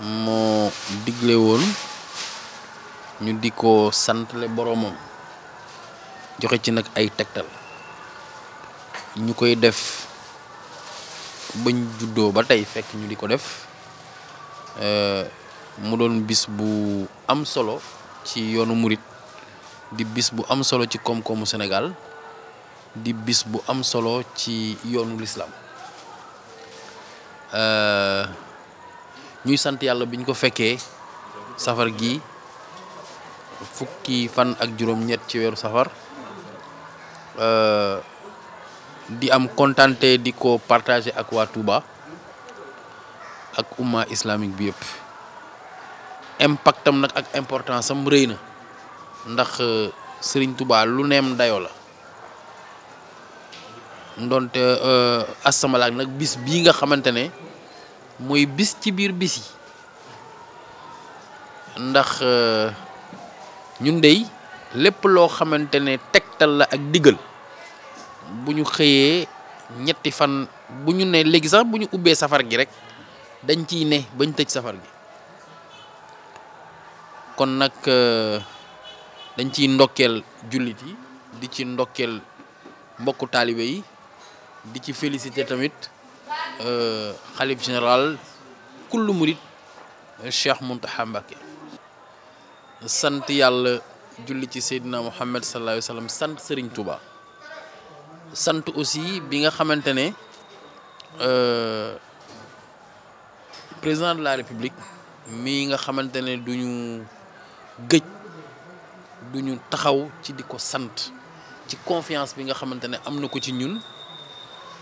moo digle woon ñu di ko santle boroomam joxe ci nag ay tegtal ñu koy def bañ juddoo ba tey fekk ñu di ko def mu doon bis bu am solo ci yoonu murit di bis bu am solo ci koom-koomu Sénégal di bis bu am solo ci yoonu lislaam ñuy sant yàlla biñ ko fekkee safar gi fukki fan ak juróom ñett ci weeru safar euh, di am kontante di ko partager ak waa Touba ak umma islamique bi yëpp impactam nag ak importance am rëy na ndax euh, Serigne Touba lu neem dayo la ndonte euh, assamalaak nag bis bii nga xamante muy bis ci biir bis yi ndax euh, ñu dey lépp loo xamante ne tegtal la ak diggal bu ñu xëyee ñetti fan bu ñu ne léegi sax bu ñu ubbee safar gi rek dañ ciy ne bañ tëj safar gi kon nag euh, dañ ciy ndokkeel jullit yi di ci ndokkeel mbokku taalibe yi di ci félicité tamit Euh, xalif général kullu murit euh, Cheikh Mountakha Mbacké sant yàlla julli ci Seydina Muhammad sallallahu alayhi sant Serigne Touba sant aussi bi nga xamante ne euh, président de la république mi nga xamante ne duñu gëj duñu taxaw ci di ko sant ci confiance bi nga xamante ne am na ko ci ñun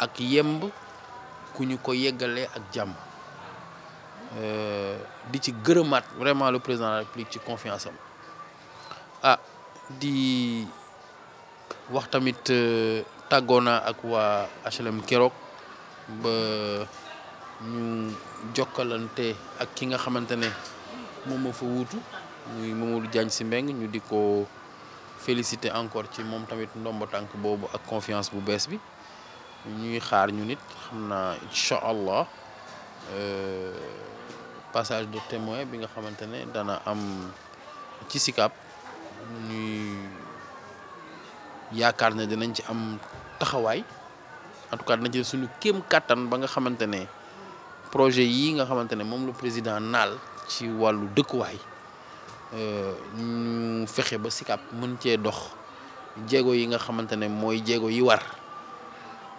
ak yemb ku ñu ko yeggalee ak jàmm euh, di ci gërëmaat vraiment le président de la république ci confiance am ah di wax tamit euh, tàggoo naa ak waa HLM Keroog ba ñu jokkalante ak ki nga xamante ne moom ma fa wutu muy Mamadou Diagne si Mbengue ñu di ko féliciter encore ci moom tamit ndombo tànk boobu ak confiance bu bees bi. ñuy xaar ñu nit xam naa incha allah euh, passage de témoin bi nga xamante ne dana am ci Sicap ñuy yaakaar ne dinañ ci am taxawaay en tout cas dinañ ci suñu kem kàttan ba nga xamante ne projet yi nga xamante ne moom la président naal ci wàllu dëkkuwaay euh, ñu fexe ba Sicap mën cee dox jéego yi nga xamante ne mooy jéego yi war.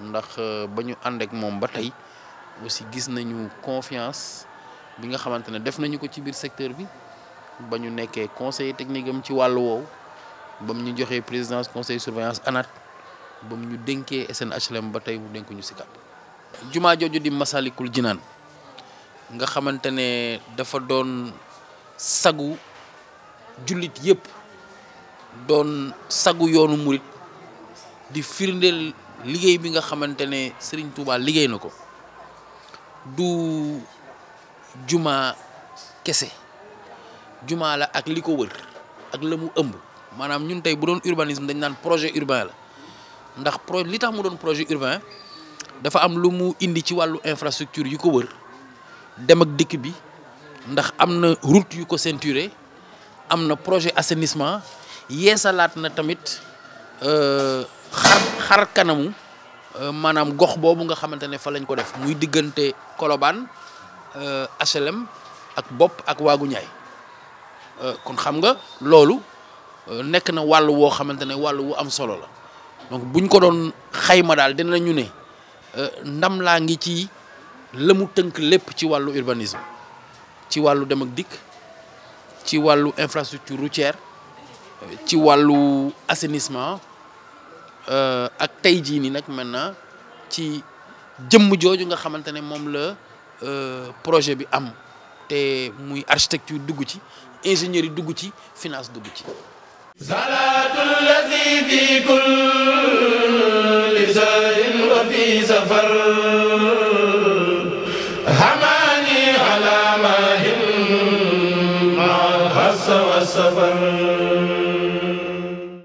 ndax euh, ba ñu ànd moom ba tey aussi gis nañu confiance bi nga xamante ne def nañu ko ci biir secteur bi ba ñu nekkee conseil technique am ci wàllu woow ba mu ñu joxee présidence conseil surveillance ANAT ba mu ñu dénkee SNHLM ba tey mu dénkuñu si kat jumaa jooju di Masalikul Jinaan nga xamante ne dafa doon sagu jullit yëpp doon sagu yoonu murit di firndeel liggéey bi nga xamante ne Serigne Touba liggéey na ko du jumaa kese jumaa la ak li ko wër ak la mu ëmb maanaam ñun tey bu doon urbanisme dañ naan projet urbain la ndax pro li tax mu doon projet urbain dafa am lu mu indi ci wàllu infrastructure yu ko wër dem ak dikk bi ndax am na route yu ko ceinturé am na projet assainissement yeesalaat na tamit. Euh, xar kanamu euh, maanaam gox boobu nga xamante ne fa lañ ko def muy diggante Colobane HLM euh, ak bopp ak waagu ñaay euh, kon xam nga loolu nekk na wàll woo xamante ne wàll wu am solo la donc buñ ko doon xayma daal ñu ne ndam laa ngi ci la mu tënk lépp ci wàllu urbanisme ci wàllu dem ak dikk ci wàllu infrastructure routière ci wàllu assainissement Euh, ak tey jii nii nag maintenant ci jëmm jooju nga xamante ne moom la euh, projet bi am te muy architecture dugg ci ingénieur yi dugg ci finance dugg ci salaatu